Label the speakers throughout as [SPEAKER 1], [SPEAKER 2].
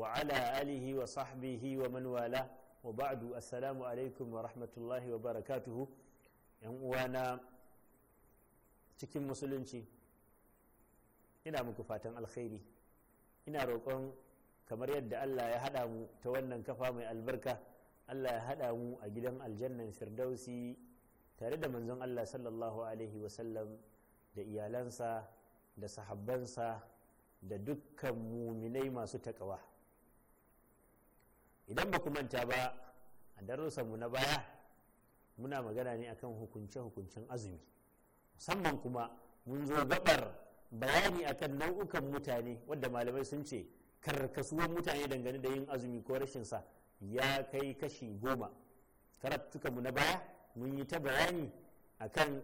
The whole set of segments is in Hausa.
[SPEAKER 1] وعلى آله وصحبه ومن والاه وبعد السلام عليكم ورحمة الله وبركاته وانا cikin musulunci ina muku fatan alkhairi ina roƙon kamar yadda Allah ya haɗa mu ta wannan kafa mai albarka Allah ya haɗa mu a gidan aljannan firdausi tare da manzon Allah sallallahu alaihi wasallam da iyalansa da sahabbansa da dukkan muminai masu taƙawa idan ba ku manta ba a mu na baya muna magana ne akan hukunce-hukuncen azumi musamman kuma mun zo gabar bayani akan nau'ukan mutane wadda malamai sun ce karkasuwan mutane dangane da yin azumi ko rashin sa ya kai kashi goma mu na baya mun yi ta bayani akan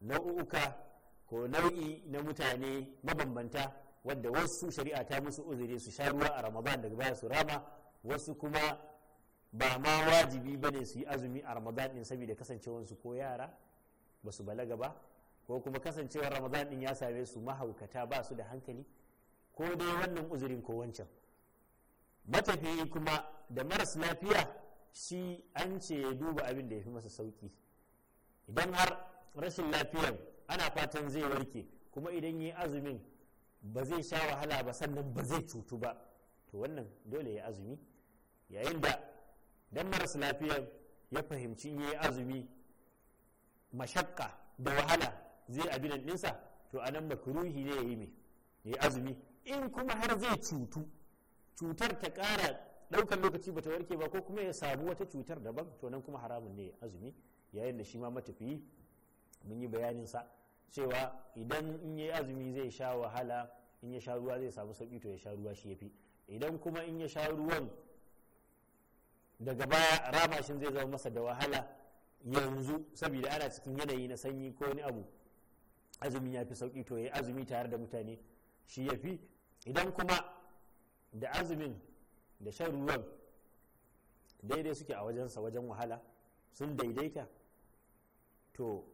[SPEAKER 1] nau'uka ko nau'i na mutane mabambanta wadda wasu shari'a ta musu uzuri su sha ruwa a ramadan daga baya su rama wasu kuma ba ma wajibi ba ne su yi azumi a ramadan din saboda kasancewarsu ko yara ba su balaga ba ko kuma kasancewar ramadan din ya same su mahaukata ba su da hankali ko dai wannan uzurin ko wancan matafiyi kuma da maras lafiya shi an ce ya duba abin da ya fi masa sauki idan har rashin lafiyar ana fatan zai warke kuma idan yi azumin ba zai sha wahala ba sannan ba zai cutu ba to wannan dole ya azumi yayin da dan maras lafiyar ya fahimci yi azumi mashakka da wahala zai abin ɗinsa to anan makruhi ne ya yi mai ya azumi in kuma har zai cutu cutar ta kara ɗaukar lokaci bata warke ba ko kuma ya samu wata cutar daban to nan kuma haramun ne azumi yayin da shi ma matafiyi mun yi bayanin sa cewa idan in yi azumi zai sha wahala in ya sha ruwa zai samu sauki to ya sha ruwa shi ya fi. idan kuma in ya sha ruwan daga baya rama shi zai zama masa da wahala yanzu saboda ana cikin yanayi na sanyi ko wani abu azumi ya fi sauki to ya azumi tare da mutane shi ya fi idan kuma da azumin da shan ruwan daidai suke a wajensa wajen wahala sun daidaita to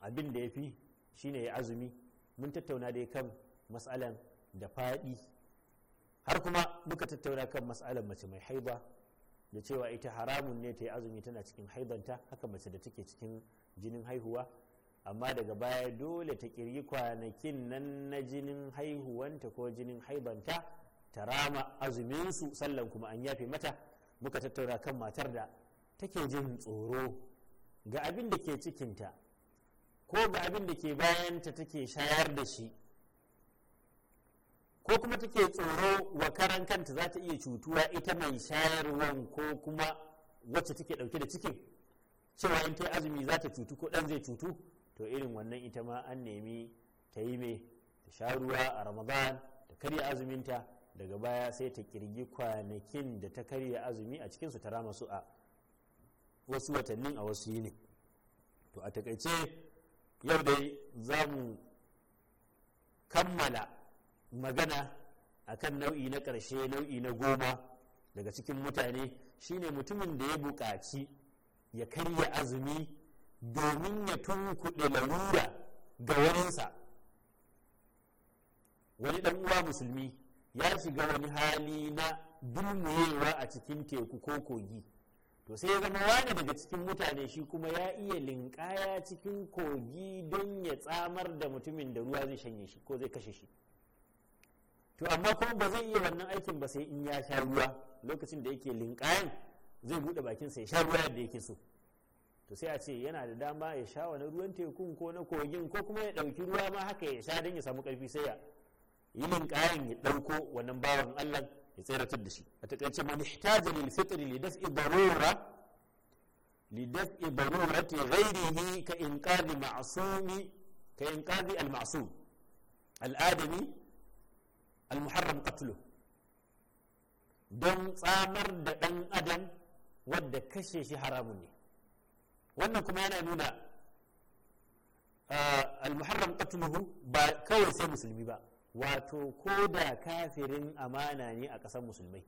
[SPEAKER 1] abin da ya fi shine ya azumi mun tattauna dai kan matsalan da faɗi har kuma muka tattauna kan matsalan mace mai haiba da cewa ita haramun ne ta yi azumi tana cikin haidanta haka mace da take cikin jinin haihuwa amma daga baya dole ta kirgi kwanakin nan na jinin haihuwanta ko jinin haibanta ta rama azuminsu sallan kuma an yafe mata muka tattauna kan matar da take jin tsoro ga abin da ke cikinta ko ga abin da ke bayanta take shayar da shi ko kuma take tsoro wa karan kanta za ta iya cutuwa ita mai shayarwan ko kuma wacce take ɗauke da cikin cewa in ta azumi za ta cutu ko ɗan zai cutu to irin wannan ita ma an nemi ta yi mai ta sha ruwa a ramadan ta karya azuminta daga baya sai ta kirgi kwanakin da ta karya azumi a cikinsu ta rama su a wasu watannin a wasu yini to a takaice yau dai za mu kammala magana a kan nau'i na ƙarshe nau'i na goma daga cikin mutane shine mutumin da ya buƙaci ya karya azumi domin ya tunkuɗe lalura ga waninsa wani ɗan uwa musulmi ya shiga wani hali na dulmuyewa a cikin teku ko kogi to sai ya zama wani daga cikin mutane shi kuma ya iya linƙaya cikin kogi don ya tsamar da mutumin da ruwa zai shanye shi ko zai kashe shi to amma kuma ba zai iya wannan aikin ba sai in ya sha ruwa lokacin da yake linkayan zai bude bakinsa ya sha ruwa yadda yake so to sai a ce yana da dama ya sha wani ruwan tekun ko na kogin ko kuma ya ɗauki ruwa ma haka ya sha don ya samu ƙarfi sai ya yi linkayan ya ɗauko wannan bawan Allah ya tseratar da shi a takaice man ihtaja lil fitri li daf'i darura li daf'i darurati ghayrihi ka inqadi ma'sumi ka inqadi al ma'sum al adami almuharram qatlu don tsamar da ɗan adam wadda kashe shi haramun ne wannan kuma yana nuna almuharram qatluhu ba kawai sai musulmi ba wato ko da kafirin amana ne a ƙasar musulmai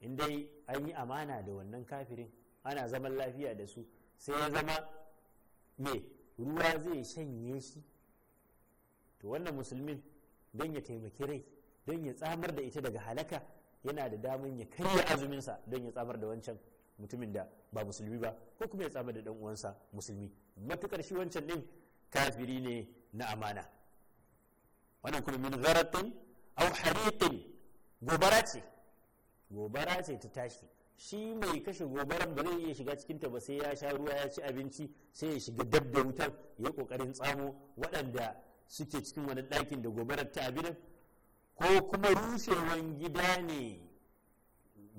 [SPEAKER 1] in dai an yi amana da wannan kafirin ana zaman lafiya da su sai ya zama me ruwa zai shanye shi to wannan musulmin don ya taimaki rai don ya tsamar da ita daga halaka yana da damun ya karya azuminsa don ya tsamar da wancan mutumin da ba musulmi ba ko kuma ya tsamar da dan uwansa musulmi matukar shi wancan din kafiri ne na amana wannan kuma min zaratin aw hariqin gobara ce gobara ce ta tashi shi mai kashe gobaran ba zai iya shiga cikin ta ba sai ya sha ruwa ya ci abinci sai ya shiga dab da wutar ya kokarin tsamo waɗanda suke cikin wani ɗakin da gobarar ta abinan ko kuma rushewan gida ne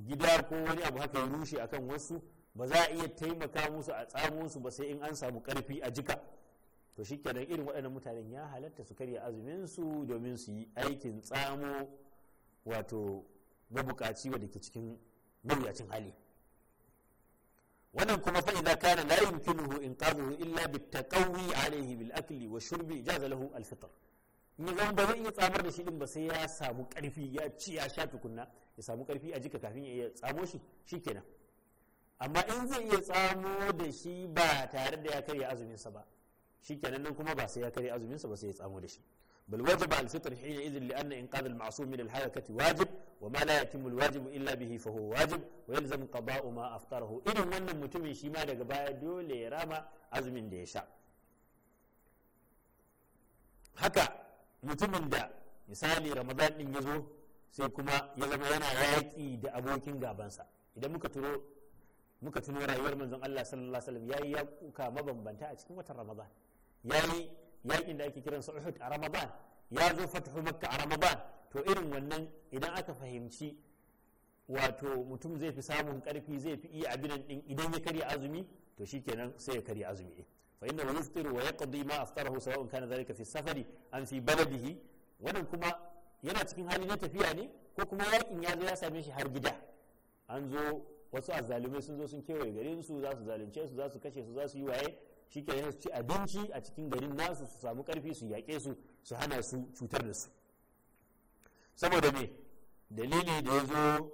[SPEAKER 1] gida ko wani abu haka ya rushe akan wasu ba za a iya taimaka musu a tsamo ba sai in an samu karfi a jika to shikenan irin waɗannan mutanen ya halatta su karya azumin su domin su yi aikin tsamo wato mabukaci wadda ke cikin mawuyacin hali wannan kuma fa idza kana la yumkinuhu inqadhuhu illa bitaqawi alayhi bil akli wa shurbi jaza lahu al fitr ni zan ba zai iya tsamar da shi din ba sai ya samu karfi ya ci ya sha tukunna ya samu karfi a jika kafin ya iya tsamo shi shikenan amma in zai iya tsamo da shi ba tare da ya karya azumin sa ba shikenan nan kuma ba sai ya karya azumin sa ba sai ya tsamo da shi بل وجب على الفطر حينئذ لأن إنقاذ المعصوم من الهلكة واجب وما لا يتم الواجب إلا به فهو واجب ويلزم قضاء ما أفطره إذا wannan mutumin shi ma daga baya dole ya rama azumin da ya sha haka mutumin da misali ramadan ɗin ya zo sai kuma ya zama yana yaki da abokin gabansa idan muka turo muka tuno rayuwar manzon Allah sallallahu yayi yaƙuka mabambanta a cikin watan ramadan yayi yakin da ake kiransa uhud a ramadan ya zo fatahu makka a ramadan to irin wannan idan aka fahimci wato mutum zai fi samun karfi zai fi iya abin din idan ya karya azumi to shikenan sai ya karya azumi din fa inna yuftiru wa yaqdi ma aftarahu sawa'un kana dhalika fi safari an fi baladihi wannan kuma yana cikin hali na tafiya ne ko kuma yakin ya zo ya same shi har gida an zo wasu azzalumai sun zo sun kewaye garin su za su zalunce su za su kashe su za su yi waye shi ke su ci abinci a cikin garin nasu su samu karfi su yaƙe su su hana su cutar da su saboda me dalili da ya zo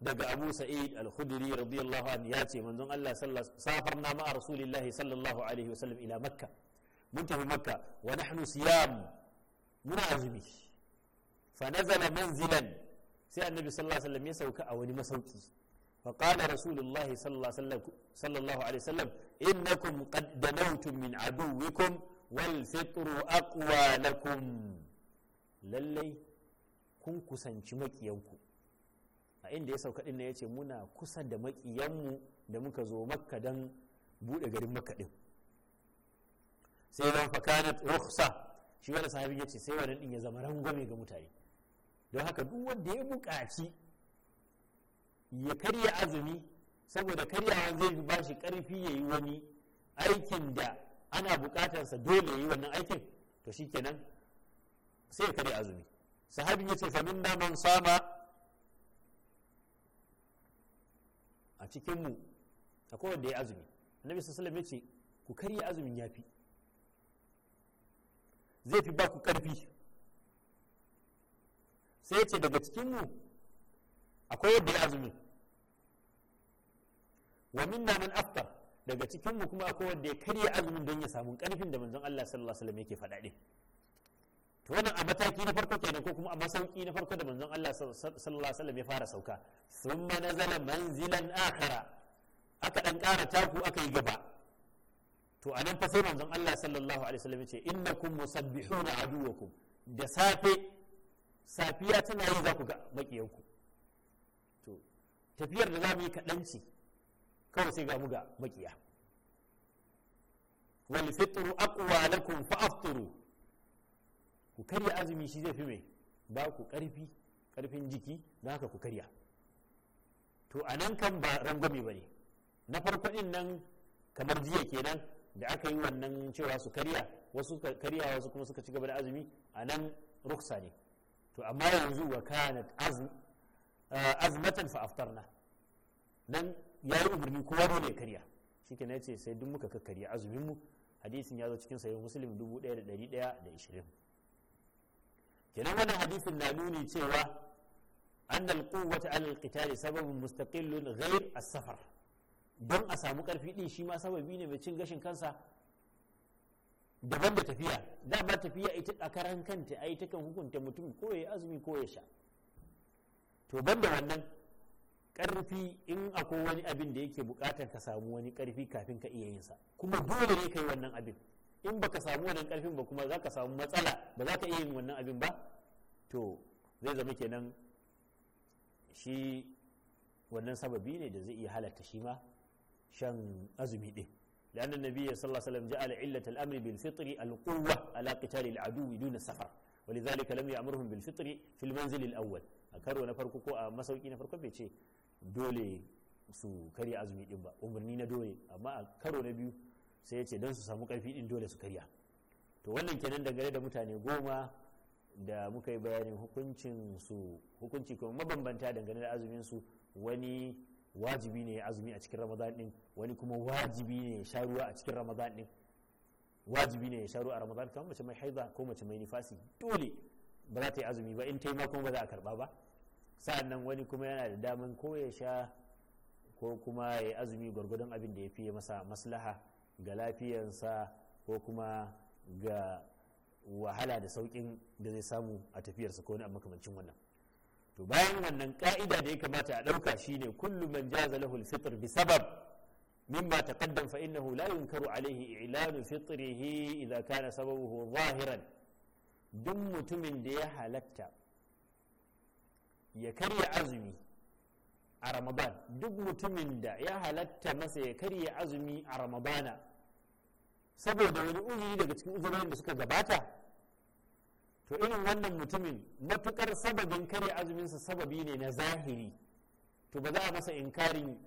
[SPEAKER 1] daga abu sa'id al-khudri radiyallahu anhu ya ce manzon Allah safarna ma'a rasulillahi sallallahu alaihi wasallam ila makka mun tafi makka wa nahnu siyam muna azumi fa nazala manzilan sai annabi sallallahu alaihi wasallam ya sauka a wani masauki فقال رسول الله صلى الله عليه وسلم صلى الله عليه وسلم إنكم قد دنوتم من عدوكم والفطر أقوى لكم lallai kun kusanci maƙiyanku a inda ya sauka ɗin ya ce muna kusa da mu da muka zo maka dan buɗe garin makka ɗin sai zan fakanat rukhsa shi wani sahabin ya ce sai wani ɗin ya zama rangwame ga mutane don haka duk wanda ya buƙaci ya karya azumi saboda karyawan zai ba shi karfi ya yi wani aikin da ana bukatarsa dole ya yi wannan aikin to kenan sai ya karya azumi sahabin ya ce famin naman sama a cikinmu a wanda ya azumi annabi sallallahu ya ce ku karya azumin ya fi zai fi ba ku karfi sai ce daga cikinmu akwai yadda ya azumi wa minna man aftar daga cikin mu kuma akwai wanda ya karya azumin don ya samu karfin da manzon Allah sallallahu alaihi wasallam yake faɗa din to wannan a mataki na farko kenan ko kuma a masauki na farko da manzon Allah sallallahu alaihi wasallam ya fara sauka thumma nazala manzilan akhara aka dan ƙara taku aka yi gaba to anan fa sai manzon Allah sallallahu alaihi wasallam ya ce innakum musabbihuna aduwakum da safe safiya tana yi za ku ga makiyanku tafiyar da za mu yi kaɗanci kawai sai ga mu ga makiya wal fitru aqwa lakum fa afturu ku karya azumi shi zai fi mai ba ku karfi karfin jiki na haka ku karya to a nan kan ba rangwame ba ne na farko din nan kamar jiya kenan da aka yi wannan cewa su karya wasu karya wasu kuma suka ci gaba da azumi a nan ruksa ne to amma yanzu wa kanat azmatan fa aftarna nan yayi umarni kowa dole ya karya shi shikenan yace sai duk muka karya azumin mu hadisin ya zo cikin sahih muslim 1120 kenan wannan hadisin na nuni cewa أن القوة sababin القتال سبب ghair a safar don a samu karfi din shi ma sababi ne mai cin gashin kansa daban da tafiya dama tafiya ita a karan kanta ai takan hukunta mutum ko ya azumi ko ya sha to banda wannan karfi in akwai wani abin da yake bukatar ka samu wani karfi kafin ka iya yinsa kuma dole ne yi wannan abin in baka samu wannan karfin ba kuma ka samu matsala ba za ka iya yin wannan abin ba to zai zama kenan shi wannan sababi ne da zai iya halatta shi ma shan azumi din لأن النبي صلى الله عليه وسلم جعل علة الأمر بالفطر القوة على قتال العدو دون السفر ولذلك لم يأمرهم بالفطر في المنزل الأول a karo na farko ko a masauki na farko bai ce dole su karya azumi din ba umarni na dole amma a karo na biyu sai ya ce don su samu karfi din dole su karya to wannan kenan dangane da mutane goma da muka yi bayanin hukuncin su hukunci kuma mabambanta dangane da azumin su wani wajibi ne azumi a cikin ramadan din wani kuma wajibi ne sha ruwa a cikin ramadan din wajibi ne ya a ramadan kamar mace mai haiza ko mace mai nifasi dole ba za ta yi azumi ba in taimako ba za a karba ba sa'an nan wani kuma yana da daman ko ya sha ko kuma ya azumi gwargwadon abin da ya fiye masa maslaha ga lafiyansa ko kuma ga wahala da sauƙin da zai samu a tafiyarsa ko wani a makamancin wannan to bayan wannan ka'ida da ya kamata a ɗauka shine kullu man jaza lahu al-fitr bi sabab mimma taqaddam fa innahu la yunkaru alayhi i'lanu fitrihi idza kana sababuhu zahiran duk mutumin da ya halatta ya karya azumi a ramadan duk mutumin da ya halatta masa ya karya azumi a ramadana saboda wani uzuri daga cikin uzurorin da suka gabata to irin wannan mutumin matukar sababin karya azuminsa sababi ne na zahiri to ba za a masa inkarin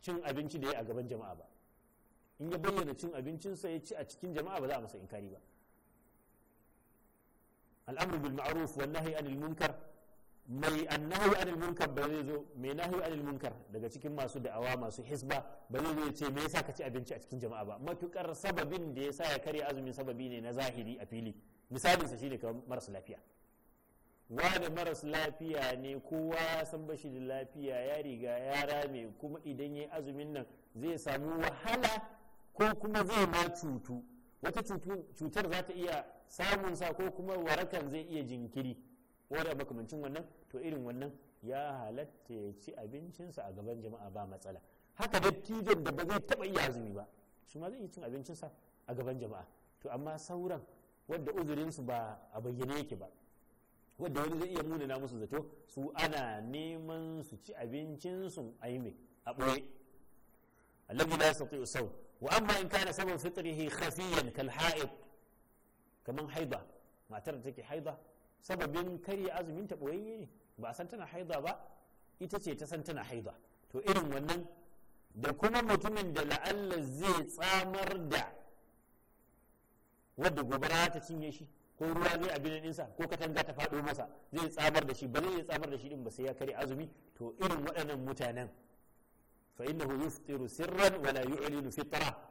[SPEAKER 1] cin abinci da ya a gaban jama'a ba in ya bayyana cin abincinsa ya ci a cikin jama'a ba za a masa inkari ba الامر بالمعروف والنهي عن المنكر mai annahi anil munkar ba zai zo mai nahi anil munkar daga cikin masu da'awa masu hisba ba zai zo ce me yasa ka ci abinci a cikin jama'a ba matukar sababin da ya sa ya karya azumin sababi ne na zahiri a fili misalin sa shine kamar maras lafiya wa da maras lafiya ne kowa san bashi da lafiya ya riga ya rame kuma idan yayi azumin nan zai samu wahala ko kuma zai ma cutu wata cutar za ta iya samun sa ko kuma warakan zai iya jinkiri wadda makamancin wannan to irin wannan ya halatta ya ci abincinsa a gaban jama'a ba matsala haka dattijon da ba zai taba iya azumi ba shi ma zai iya cin abincinsa a gaban jama'a to amma sauran wadda uzurinsu ba a bayyane yake ba wadda wani zai iya munana musu zato su ana neman su ci abincinsu a yi mai a ɓoye wa amma in kana sabon fitrihi khafiyan kal ha'id kaman haida matar da take haida sababin karya azumin ta boyayye ba a san tana haida ba ita ce ta san tana haida to irin wannan da kuma mutumin da la'alla zai tsamar da wadda gobara ta cinye shi ko ruwa zai abin ɗinsa ko katanga ta faɗo masa zai tsamar da shi ba zai tsamar da shi din ba sai ya karya azumi to irin waɗannan mutanen fa innahu yuftiru sirran wa la yu'linu fitra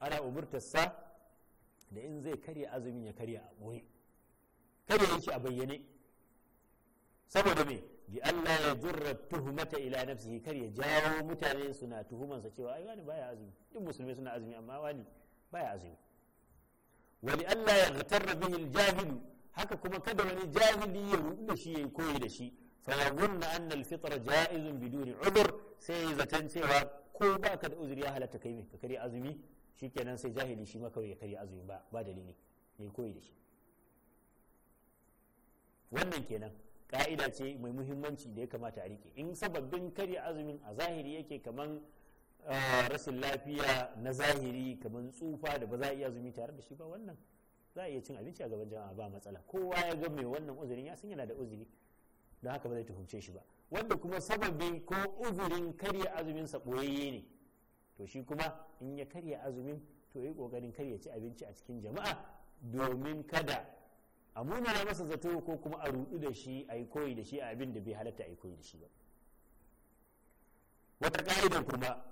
[SPEAKER 1] ana umurtasa da in zai karya azumin ya karya a boye kada yake a bayyane saboda me bi Allah ya zurra tuhumata ila nafsihi kar jawo mutane suna sa cewa ai wani baya azumi duk musulmi suna azumi amma wani baya azumi wani Allah ya ghatarra bihi al haka kuma kada wani jahili ya rubu da shi yayi koyi da shi fayazunna anna al-fitra ja'izun biduni udur sai ya zaton cewa ko ba ka da uzuri ya halatta kai mai ka karya azumi shikenan sai jahili shi ma kawai ya karya azumi ba dalili ne koyi da shi wannan kenan ka'ida ce mai muhimmanci da ya kamata a rike in sababbin karya azumin a zahiri yake kaman ah, rashin lafiya na zahiri kaman tsufa da ba za a iya azumi tare da shi ba wannan za a iya cin abinci a gaban jama'a ba matsala kowa ya ga mai wannan uzurin ya san yana da uzuri don haka ba zai tuhumce shi ba wanda kuma sababi ko uzurin karya azumin sa boyayye ne to shi kuma in ya karya azumin to yi kokarin karya ci abinci a cikin jama'a domin kada a na masa zato ko kuma a rudu da shi a yi koyi da shi a abin da bai halatta a yi koyi da shi ba wata ka'idar kuma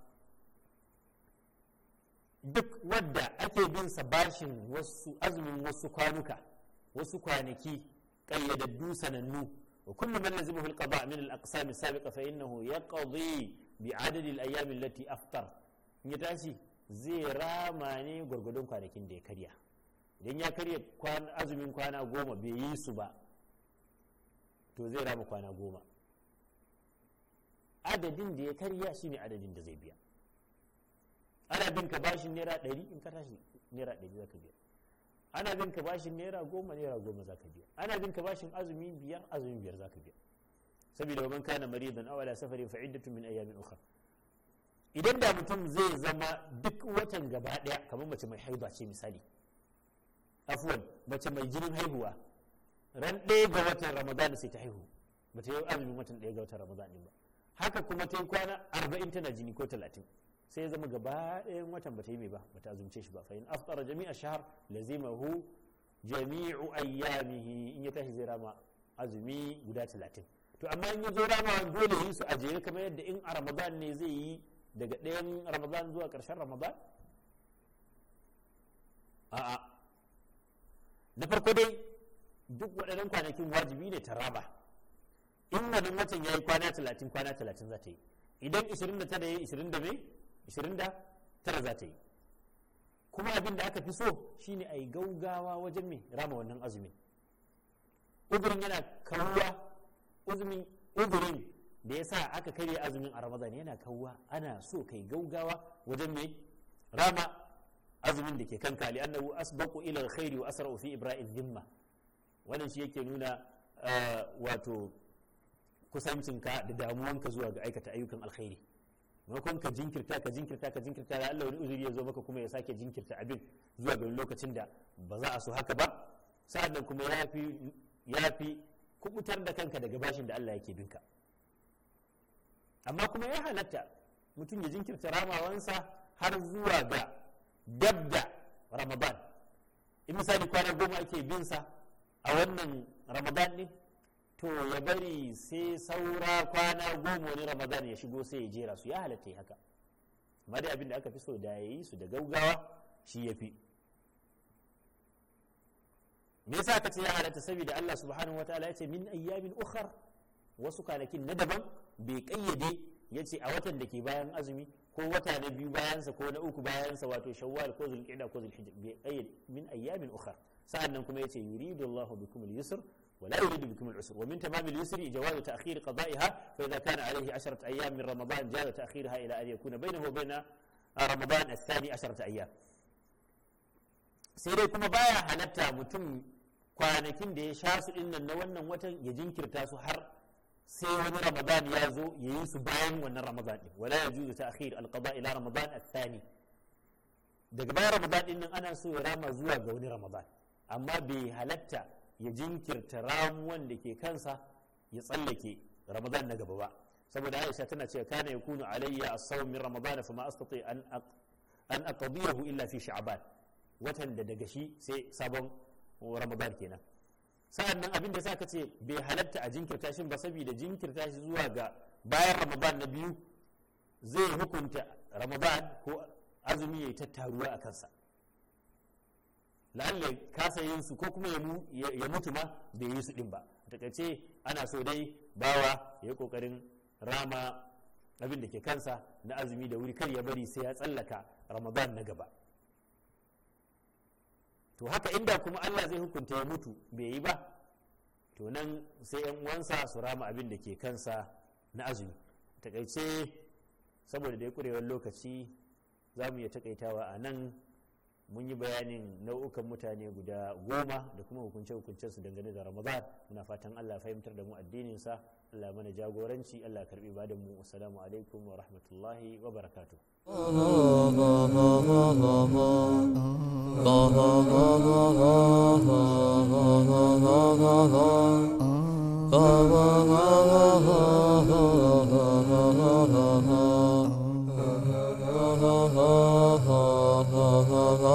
[SPEAKER 1] duk wadda ake bin sa bashin wasu azumin wasu kwanuka wasu kwanaki ƙayyadaddu sanannu ba وكل من لزمه القضاء من الأقسام السابقة فإنه يقضي بعدد الأيام التي أفطر يتاشي zai rama ne gwargwadon kwanakin da ya karya idan ya karya azumin kwana goma bai yi su ba to zai rama kwana goma adadin da ya karya shine adadin da zai biya ana bin ka bashin naira ɗari in ka tashi naira ɗari za ka biya ana bin ka bashin naira goma naira goma zaka biya ana bin ka bashin azumi biyar azumi biyar zaka biya saboda man kana maridan aw ala safarin fa iddatu min ayamin ukhra idan da mutum zai zama duk watan gaba daya kamar mace mai haihuwa ce misali afwan mace mai jinin haihuwa ran ɗaya ga watan ramadan sai ta haihu bata yi azumin watan ɗaya ga watan ramadan ba haka kuma ta yi kwana arba'in tana jini ko talatin sai ya zama gaba ɗayan watan bata yi mai ba bata azumce shi ba fa in aftara jami'a shahar lazimahu jami'u ayyamihi in ya tashi zai rama azumi guda talatin to amma in ya zo rama dole yi su ajiye kamar yadda in a ramadan ne zai yi daga ɗayan ramadan zuwa ƙarshen ramadan a'a na farko dai duk waɗannan kwanakin wajibi ne ta raba in wannan watan ya yi kwana talatin kwana talatin za ta yi idan 29 ya yi 20 da mai 29 za ta yi kuma abin da aka fi so shine a yi gaugawa wajen mai rama wannan azumin uzurin yana kawuwa uzurin da ya sa aka karya azumin a ramadan yana kawuwa ana so kai gaugawa wajen mai rama azumin da ke kanka li annahu asbaqu ila alkhairi wa asra'u fi ibrahim dhimma wannan shi yake nuna eh, wato kusancinka da damuwanka zuwa ga aikata ayyukan alkhairi maimakon ka jinkirta ka jinkirta ka jinkirta ya Allah wani uzuri ya zo maka kuma ya sake jinkirta abin zuwa ga lokacin da ba za a so haka ba sa'annan kuma ya fi ya fi kubutar da kanka daga bashin da Allah yake binka amma kuma ya halatta mutum ya jinkirta ramawansa har zuwa ga dabda ramadan in misali kwana goma ake sa a wannan ramadan ne to ya bari sai saura kwana goma wani ramadan ya shigo sai ya jera su ya halatta ya haka amma dai abin da aka fi so da ya yi su da gaugawa shi ya fi me yasa ka ce ya halatta saboda Allah subhanahu wataala ya ce min ayyamin ukhar wasu kwanakin na daban bai kayyade ya ce a watan da ke bayan azumi ko wata na biyu bayansa ko na uku bayansa wato shawwal ko zulqa'da ko zulhijja bai kayyade min ayyamin ukhar sa'annan kuma ya ce yuridu Allahu bikum al-yusr ولا يريد بكم العسر ومن تمام اليسر جواز تأخير قضائها فإذا كان عليه عشرة أيام من رمضان جاز تأخيرها إلى أن يكون بينه وبين رمضان الثاني عشرة أيام sai dai kuma baya halatta mutum kwanakin da ya sha su dinnan na wannan watan ya jinkirta su har sai wani ramadan ya zo ya yi su bayan wannan ramadan din wala yajuzu ta'khir al-qada ila ramadan ath-thani daga bayan ramadan din nan ana so ya rama zuwa ga wani ramadan amma bai halatta ya jinkirta ramuwan da ke kansa ya tsallake ramadan na gaba ba saboda aisha tana cewa kana yakunu alayya as-sawm min ramadan fa ma astati an an aqdiyahu illa fi sha'ban watan da daga shi sai sabon ramadan kenan sa'an nan abin da sa ka ce bai halatta a jinkirta shi ba saboda jinkirta shi zuwa ga bayan ramadan na biyu zai hukunta ramadan ko azumi ya yi tattaruwa a kansa lalle kasa yin su ko kuma ya mutu ma bai yi su din ba takaice ana so dai bawa ya yi kokarin rama abin da ke kansa na azumi da wuri kar ya bari sai ya tsallaka ramadan na gaba to haka inda kuma allah zai hukunta ya mutu bai yi ba to nan sai yan uwansa su rama abin da ke kansa na azumi takaice saboda da ya kurewar lokaci za mu iya takaitawa a nan mun yi bayanin nau'ukan mutane guda goma da kuma hukunce hukuncen su dangane da ramadan muna fatan allah fahimtar da mu addinin sa allah mana jagoranci allah karbi bada mu assalamu alaikum wa rahmatullahi wa barakatuh